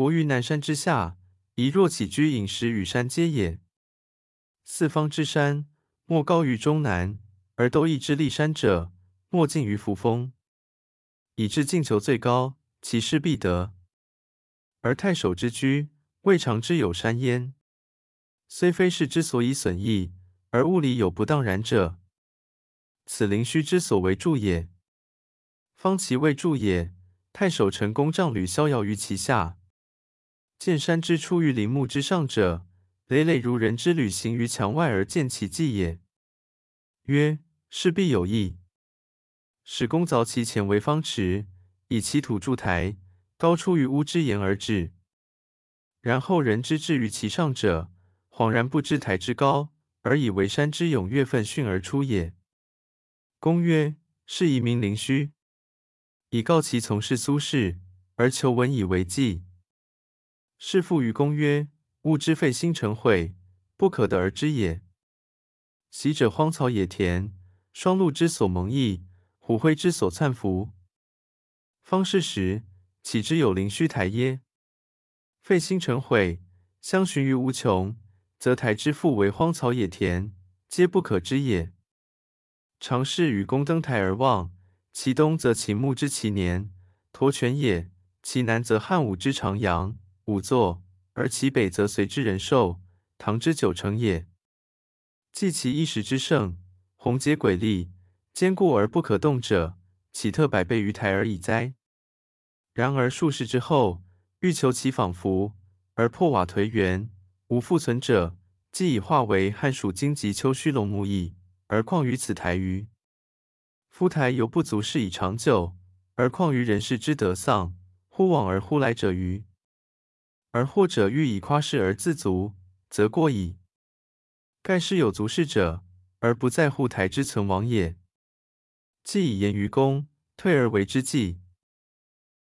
國於南山之下，宜若起居飲食與山接也。四方之山，莫高於終南，而都邑之麗山者，莫近於扶風。以至近求最高，其勢必得。而太守之居，未嘗知有山焉。雖非事之所以損益，而物理有不當然者。此凌虛之所為築也。方其未築也，太守陳公杖履，逍遙於其下。見山之出於林木之上者，累累如人之旅行於牆外而見其髻也。曰：是必有異。使工鑿其前為方池，以其土築台，高出於屋之檐而止。然後人之至於其上者，恍然不知台之高，而以為山之踊躍奮迅而出也。公曰：是宜名凌虛，以告其從事蘇軾，而求文以為記。是復於公曰：“物之廢興成毀，不可得而知也。昔者荒草野田，霜露之所蒙翳，狐虺之所竄伏。方是時，豈知有凌虛臺耶？廢興成毀，相尋於無窮，則台之復為荒草野田，皆不可知也。嘗試與公登台而望，其東則秦穆之祈年，橐泉也；其南則漢武之長楊。”五柞，而其北則隋之仁壽、唐之九成也，計其一時之盛，宏傑詭麗，堅固而不可動者，豈特百倍於台而已哉？然而數世之後，欲求其仿佛，而破瓦頹垣，無復存者，既已化為禾黍荊棘丘墟，隴畝矣。而況於此台歟？夫台猶不足恃以長久，而況於人事之得喪，忽往而忽來者歟？而或者欲以誇世而自足，則過矣。蓋世有足恃者，而不在乎臺之存亡也。既以言於公，退而為之記。